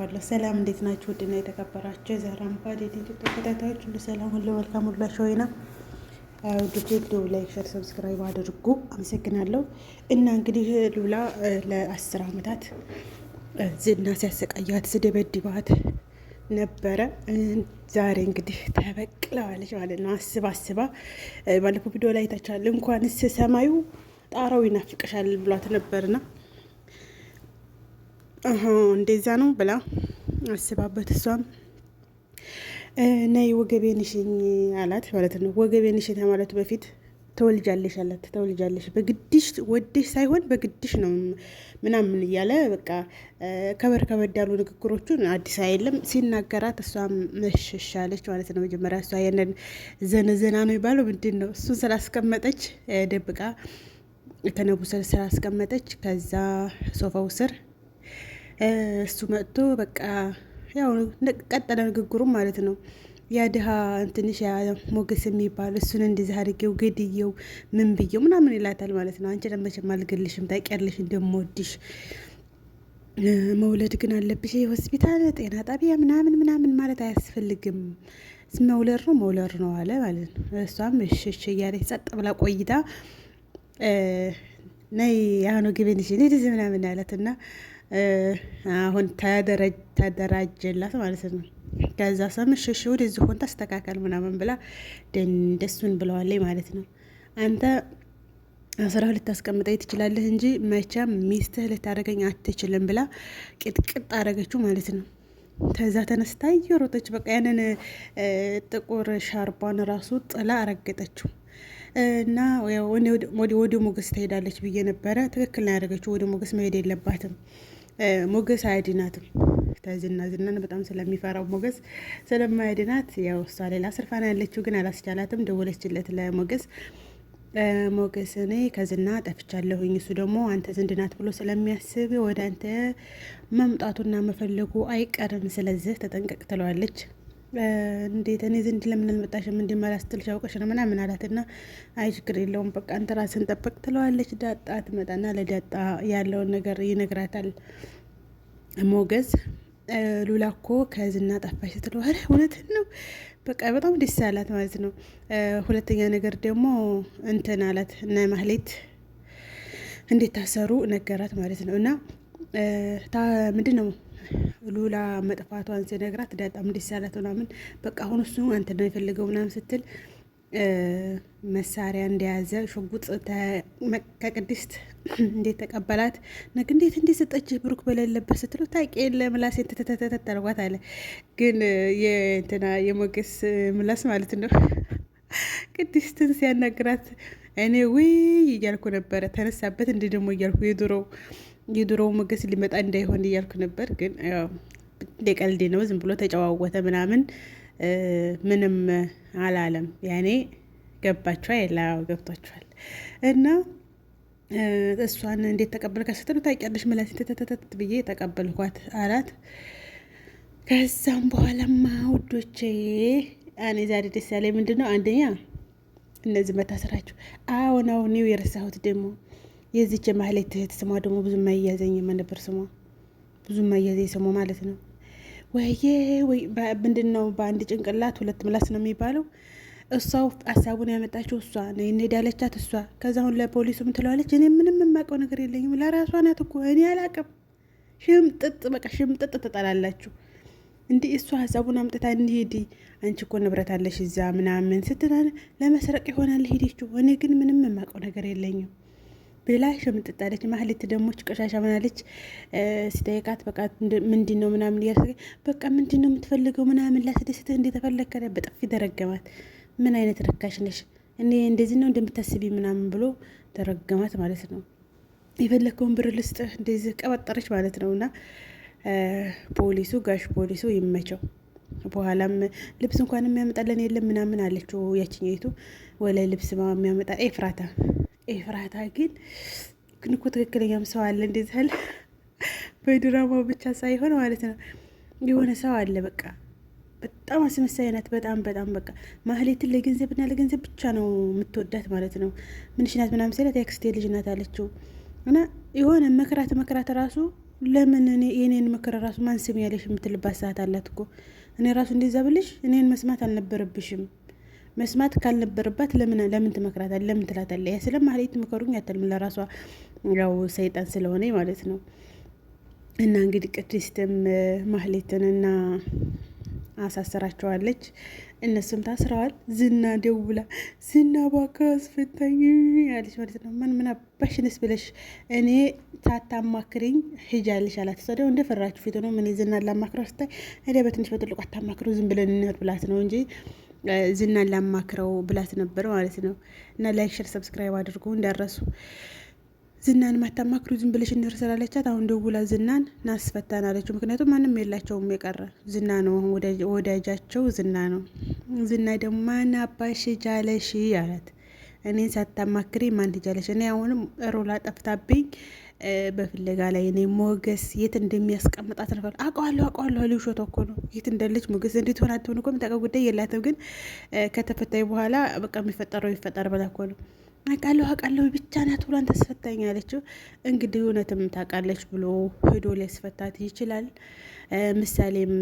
ባለ ሰላም እንዴት ናችሁ? ውድና የተከበራችሁ የዛሬ ባድ የዩቲዩብ ተከታታዮች ሁሉ ሰላም ሁሉ መልካም ሁላችሁ ሆይና ውድጄ ዶ ላይክ፣ ሸር፣ ሰብስክራይብ አድርጉ። አመሰግናለሁ። እና እንግዲህ ሉላ ለአስር አመታት ዝና ሲያሰቃያት ስደበድባት ነበረ። ዛሬ እንግዲህ ተበቅለዋለች ማለት ነው። አስባ አስባ ባለፈው ቪዲዮ ላይ ታችኋል። እንኳንስ ሰማዩ ጣራው ይናፍቅሻል ብሏት ነበርና እንደዛ ነው ብላ አስባበት እሷም ነይ ወገቤን ሽኝ አላት ማለት ነው። ወገቤን ሽኝ ከማለቱ በፊት ተወልጃለሽ አላት። ተወልጃለሽ በግድሽ ወደሽ ሳይሆን በግድሽ ነው ምናምን እያለ በቃ ከበር ከበድ ያሉ ንግግሮቹን አዲስ አየለም ሲናገራት እሷም መሸሻለች ማለት ነው። መጀመሪያ እሷ ያንን ዘነዘና ነው የሚባለው ምንድን ነው እሱን ስላስቀመጠች ደብቃ ከነቡ ስላስቀመጠች ከዛ ሶፋው ስር እሱ መጥቶ በቃ ያው ቀጠለ ንግግሩ ማለት ነው። ያ ድሃ እንትንሽ ሞገስ የሚባል እሱን እንደዚህ አድርጌው ግድየው ምን ብየው ምናምን ይላታል ማለት ነው። አንቺ ለመቼም አልገልሽም ታውቂያለሽ እንደምወድሽ መውለድ ግን አለብሽ። የሆስፒታል ጤና ጣቢያ ምናምን ምናምን ማለት አያስፈልግም። መውለድ ነው መውለድ ነው አለ ማለት ነው። እሷም እሺ እሺ እያለች ጸጥ ብላ ቆይታ ነይ ያኑ ግብንሽ ምናምን አለት እና አሁን ተደራጀላት ማለት ነው። ከዛ ሰምሽ እሺ ወደዚህ ሆን ተስተካከል ምናምን ብላ ደንደሱን ብለዋለይ ማለት ነው። አንተ አስራ ሁለት ልታስቀምጠኝ ትችላለህ እንጂ መቼም ሚስትህ ልታደርገኝ አትችልም ብላ ቅጥቅጥ አደረገችው ማለት ነው። ከዛ ተነስታ እየሮጠች በቃ ያንን ጥቁር ሻርቧን ራሱ ጥላ አረገጠችው። እና ወደ ሞገስ ትሄዳለች ብዬ ነበረ። ትክክል ነው ያደረገችው። ወደ ሞገስ መሄድ የለባትም። ሞገስ አያድናትም። ተዝና ዝናን በጣም ስለሚፈራው ሞገስ ስለማያድናት ያው እሷ ሌላ ስርፋን ያለችው ግን አላስቻላትም። ደወለችለት ለሞገስ ሞገስ እኔ ከዝና ጠፍቻለሁኝ፣ እሱ ደግሞ አንተ ዝንድናት ብሎ ስለሚያስብ ወደ አንተ መምጣቱና መፈለጉ አይቀርም። ስለዚህ ተጠንቀቅ ትለዋለች። እንዴት እኔ ዘንድ ለምን አልመጣሽም? እንዲመራ ስትልሽ አውቀሽ ነው ምናምን አላትና አይ ችግር የለውም በቃ አንተ ራስን ጠብቅ ትለዋለች። ዳጣ ትመጣና ለዳጣ ያለውን ነገር ይነግራታል ሞገዝ ሉላ እኮ ከዝና ጠፋሽ ስትለው ኧረ እውነትን ነው በቃ በጣም ደስ አላት ማለት ነው። ሁለተኛ ነገር ደግሞ እንትን አላት እና ማህሌት እንዴት ታሰሩ ነገራት ማለት ነው እና ምንድን ነው ሉላ መጥፋቷን ስነግራት በጣም ደስ ያላት ምናምን በቃ አሁን እሱ አንተ ነው የፈለገው ምናምን ስትል መሳሪያ እንደያዘ ሽጉጥ ከቅድስት እንዴት ተቀበላት ነግ እንዴት እንዴት ሰጠች ብሩክ በሌለበት ስትለው ታውቂ የለ ምላሴ አለ። ግን የእንትና የሞገስ ምላስ ማለት ነው ቅድስትን ሲያናግራት እኔ ውይ እያልኩ ነበረ ተነሳበት እንዲህ ደግሞ እያልኩ የድሮው የድሮው ሞገስ ሊመጣ እንዳይሆን እያልኩ ነበር። ግን እንደ ቀልድ ነው፣ ዝም ብሎ ተጨዋወተ ምናምን ምንም አላለም። ያኔ ገባችኋ? የላ ገብቷችኋል። እና እሷን እንዴት ተቀበልካት ስትሉ ታውቂያለሽ መላሴ ተተተተት ብዬ ተቀበልኳት አላት። ከዛም በኋላማ ውዶቼ እኔ ዛሬ ደስ ያለኝ ምንድን ነው? አንደኛ እነዚህ መታሰራችሁ። አሁን ኒው የረሳሁት ደግሞ የዚች የማህሌት እህት ስሟ ደግሞ ብዙ ማያዘኝ የማነበር ስሟ ብዙ ማያዘኝ ስሟ ማለት ነው። ወይዬ ወይ ምንድን ነው በአንድ ጭንቅላት ሁለት ምላስ ነው የሚባለው። እሷ ሀሳቡን ያመጣችው እሷ ነው እንሄድ ያለቻት እሷ። ከዛ አሁን ለፖሊሱ ምትለዋለች፣ እኔ ምንም የማውቀው ነገር የለኝም። ለራሷ ናት እኮ እኔ አላቅም። ሽምጥጥ በቃ ሽምጥጥ ትጠላላችሁ። እንዲህ እሷ ሀሳቡን አምጥታ እንሄድ፣ አንቺ እኮ ንብረት አለሽ እዛ ምናምን ስትናል ለመስረቅ ይሆናል ሄደችው። እኔ ግን ምንም የማውቀው ነገር የለኝም ብላ ሸምጥጥ አለች። ማህሌት ደሞች ቆሻሻ ምናለች ሲጠይቃት በቃ ምንድን ነው ምናምን እያለ በቃ ምንድን ነው የምትፈልገው ምናምን ላስደስትህ እንደተፈለከረ በጥፊ ተረገማት። ምን አይነት ረካሽ ነሽ እኔ እንደዚህ ነው እንደምታስቢ ምናምን ብሎ ተረገማት ማለት ነው። የፈለግከውን ብር ልስጥህ እንደዚህ ቀበጠረች ማለት ነው። እና ፖሊሱ ጋሽ ፖሊሱ ይመቸው። በኋላም ልብስ እንኳን የሚያመጣለን የለም ምናምን አለችው ያችኛይቱ። ወለ ልብስ የሚያመጣ ኤፍራታ ኤፍራታ ግን ግን ትክክለኛም ሰው አለ እንደዚህ አለ። በድራማው ብቻ ሳይሆን ማለት ነው የሆነ ሰው አለ በቃ በጣም አስመሳይ ናት። በጣም በጣም በቃ ማህሌትን ለገንዘብና ለገንዘብ ብቻ ነው የምትወዳት ማለት ነው። ምንሽ ናት ምናምን ሲላት የአክስቴ ልጅ ናት አለችው እና የሆነ መከራት መከራት ራሱ ለምን የኔን ምክር ራሱ ማን ስም ያለሽ የምትልባት ሰዓት አላት እኮ። እኔ ራሱ እንደዛ ብልሽ እኔን መስማት አልነበረብሽም መስማት ካልነበረባት ለምን ለምን ትመክራታል? ለምን ትላታለ? ያ ስለ ማህሌት ትመከሩኝ አትልም። ለራሷ ያው ሰይጣን ስለሆነ ማለት ነው። እና እንግዲህ ቅድስትም ማህሌትንና አሳስራቸዋለች። እነሱም ታስረዋል። ዝና ደውላ ዝና እባክህ አስፈታኝ አለች ማለት ነው። ምን ምን አባሽንስ ብለሽ እኔ ሳታማክሪኝ ሂጃለሽ አላት። እሷ ደግሞ እንደፈራችሁ ፊት ነው ምን ዝና ላማክረው ስታይ እኔ በትንሽ በትልቁ አታማክሩ ዝም ብለን እንሄድ ብላት ነው እንጂ ዝናን ላማክረው ብላት ነበር ማለት ነው። እና ላይክ፣ ሸር፣ ሰብስክራይብ አድርጉ እንዳረሱ ዝናን ማታማክሩ ዝም ብለሽ እንርሰላለቻት። አሁን ደውላ ዝናን ናስፈታን አለችው። ምክንያቱም ማንም የላቸውም የቀረ ዝና ነው ወዳጃቸው ዝና ነው። ዝና ደግሞ ማን አባሽ ጃለሽ አላት። እኔን ሳታማክሪ ማን ትጃለሽ? እኔ አሁንም ሮላ ጠፍታብኝ በፍለጋ ላይ እኔ ሞገስ የት እንደሚያስቀምጣት ነበር። አውቀዋለሁ አውቀዋለሁ ልጅ ሾቶ እኮ ነው የት እንዳለች ሞገስ ሆን አትሆን እኮ የምታውቀው ጉዳይ የላትም። ግን ከተፈታኝ በኋላ በቃ የሚፈጠረው ይፈጠር ብላ እኮ ነው አውቃለሁ አውቃለሁ ብቻ ናት ብሎ ተስፈታኝ አለችው። ያለችው እንግዲህ እውነትም ታውቃለች ብሎ ሄዶ ሊያስፈታት ይችላል። ምሳሌም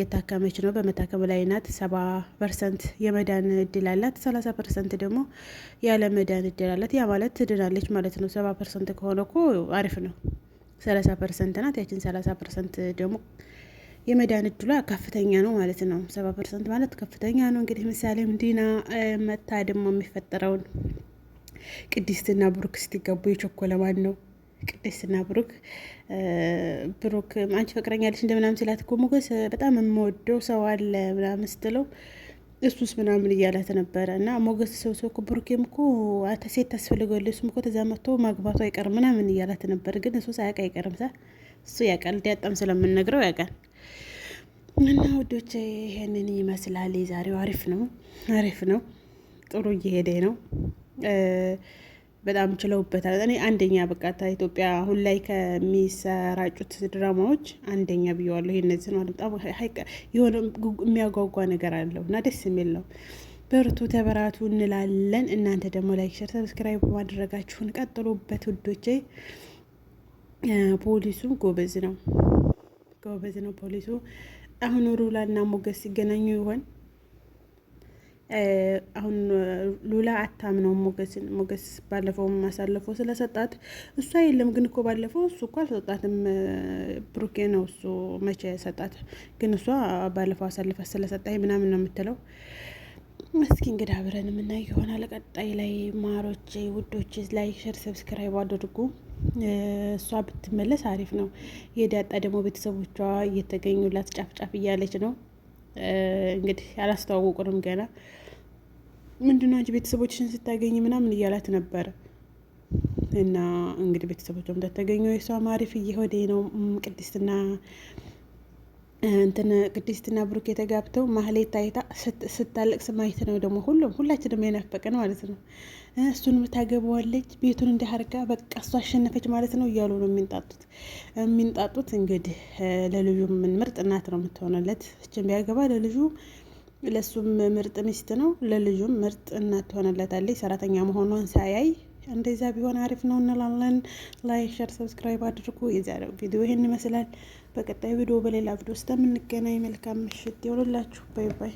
የታከመች ነው፣ በመታከም ላይ ናት። ሰባ ፐርሰንት የመዳን እድል አላት፣ ሰላሳ ፐርሰንት ደግሞ ያለ መዳን እድል አላት። ያ ማለት ትድናለች ማለት ነው። ሰባ ፐርሰንት ከሆነ እኮ አሪፍ ነው። ሰላሳ ፐርሰንት ናት። ያችን ሰላሳ ፐርሰንት ደግሞ የመዳን እድሏ ከፍተኛ ነው ማለት ነው። ሰባ ፐርሰንት ማለት ከፍተኛ ነው። እንግዲህ ምሳሌም ዲና መታ ደግሞ የሚፈጠረውን ቅድስትና ብሩክ ስትገቡ የቸኮለ ማን ነው? ቅድስትና ብሩክ ብሩክ አንቺ ፈቅረኛለች እንደምናምን ስላት እኮ ሞገስ በጣም የምወደው ሰው አለ ምናምን ስትለው እሱስ ምናምን እያላት ነበረ እና ሞገስ ሰው ሰው እኮ ብሩኬም እኮ ሴት ታስፈልገለ እሱም እኮ ተዛ መጥቶ ማግባቱ አይቀርም ምናምን እያላት ነበር። ግን እሱ ሳያውቅ አይቀርም ሳ እሱ ያውቃል። ዳጣም ስለምንነግረው ያውቃል። እና ውዶች ይሄንን ይመስላል። ዛሬው አሪፍ ነው፣ አሪፍ ነው። ጥሩ እየሄደ ነው። በጣም ችለውበታል። እኔ አንደኛ በቃ ኢትዮጵያ አሁን ላይ ከሚሰራጩት ድራማዎች አንደኛ ብየዋለሁ። የነዚህ ነው በጣም የሆነ የሚያጓጓ ነገር አለው እና ደስ የሚል ነው። በርቱ፣ ተበራቱ እንላለን። እናንተ ደግሞ ላይክ፣ ሸር፣ ሰብስክራይብ በማድረጋችሁን ቀጥሎበት ውዶቼ። ፖሊሱ ጎበዝ ነው፣ ጎበዝ ነው ፖሊሱ። አሁን እና ሞገስ ሲገናኙ ይሆን? አሁን ሉላ አታምነው ሞገስን። ሞገስ ባለፈው አሳልፎ ስለሰጣት እሷ የለም ግን እኮ ባለፈው እሱ እኮ አልሰጣትም፣ ብሩኬ ነው እሱ መቼ ሰጣት? ግን እሷ ባለፈው አሳልፈ ስለሰጣኝ ምናምን ነው የምትለው። እስኪ እንግዲህ አብረን የምናይ ይሆናል ቀጣይ ላይ። ማሮች ውዶች፣ ላይ ሸር ሰብስክራይብ አድርጉ። እሷ ብትመለስ አሪፍ ነው። የዳጣ ደግሞ ቤተሰቦቿ እየተገኙላት ጫፍ ጫፍ እያለች ነው እንግዲህ አላስተዋወቁንም ገና ምንድን ነው አንቺ ቤተሰቦችሽን ስታገኝ ምናምን እያላት ነበረ። እና እንግዲህ ቤተሰቦቿም እንደተገኘው የሷም ማሪፍ እየሆደ ነው ቅድስትና እንትን ቅድስትና ብሩክ የተጋብተው ማህሌት ታይታ ስታለቅስ ማየት ነው ደግሞ ሁሉም ሁላችንም የናፈቀን ማለት ነው። እሱን ምታገበዋለች ቤቱን እንዳርጋ በቃ እሱ አሸነፈች ማለት ነው እያሉ ነው የሚንጣጡት የሚንጣጡት። እንግዲህ ለልጁ ምን ምርጥ እናት ነው የምትሆንለት እችን ቢያገባ ለልጁ ለእሱም ምርጥ ሚስት ነው፣ ለልጁም ምርጥ እናት ትሆነለታለች። ሰራተኛ መሆኗን ሳያይ እንደዚያ ቢሆን አሪፍ ነው እንላለን። ላይክ፣ ሸር፣ ሰብስክራይብ አድርጉ። የዛሬው ቪዲዮ ይህን ይመስላል። በቀጣይ ቪዲዮ በሌላ ቪዲዮ ስጥ የምንገናኝ መልካም ምሽት ይሆንላችሁ። ባይ ባይ።